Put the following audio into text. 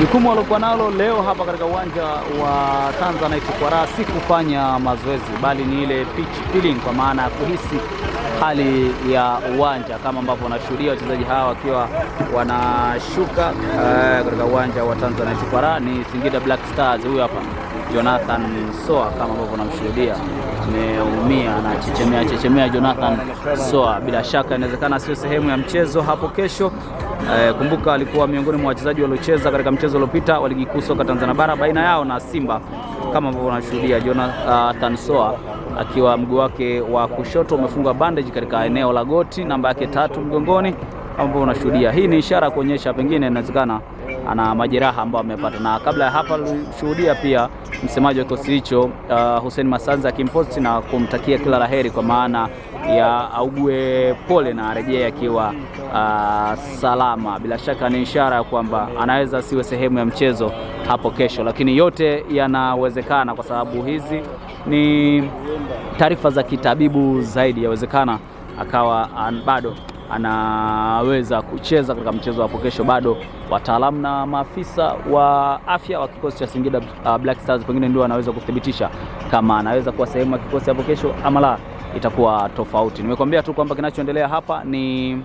Jukumu waliokuwa nalo leo hapa katika uwanja wa Tanzanite kwa raha si kufanya mazoezi, bali ni ile pitch feeling, kwa maana ya kuhisi hali ya uwanja, kama ambavyo wanashuhudia wachezaji hawa wakiwa wanashuka eh, katika uwanja wa Tanzanite kwa raha. Ni Singida Black Stars, huyu hapa Jonathan Soa kama ambavyo namshuhudia ameumia na chechemea chechemea. Jonathan Soa bila shaka inawezekana sio sehemu ya mchezo hapo kesho. E, kumbuka alikuwa miongoni mwa wachezaji waliocheza katika mchezo uliopita wa ligi kuu soka Tanzania bara baina yao na Simba kama ambavyo nashuhudia Jonathan Soa akiwa mguu wake wa kushoto umefungwa bandage katika eneo la goti namba yake tatu mgongoni, ambapo unashuhudia. Hii ni ishara ya kuonyesha pengine inawezekana ana majeraha ambayo amepata, na kabla ya hapa alishuhudia pia msemaji wa kikosi hicho uh, Hussein Masanza akimposti na kumtakia kila laheri kwa maana ya augue pole na arejee akiwa uh, salama. Bila shaka ni ishara ya kwamba anaweza asiwe sehemu ya mchezo hapo kesho, lakini yote yanawezekana kwa sababu hizi ni taarifa za kitabibu zaidi, yawezekana akawa bado anaweza kucheza katika mchezo hapo kesho. Bado wataalamu na maafisa wa afya wa kikosi cha Singida uh, Black Stars pengine ndio wanaweza kuthibitisha kama anaweza kuwa sehemu ya kikosi hapo kesho ama la, itakuwa tofauti. Nimekwambia tu kwamba kinachoendelea hapa ni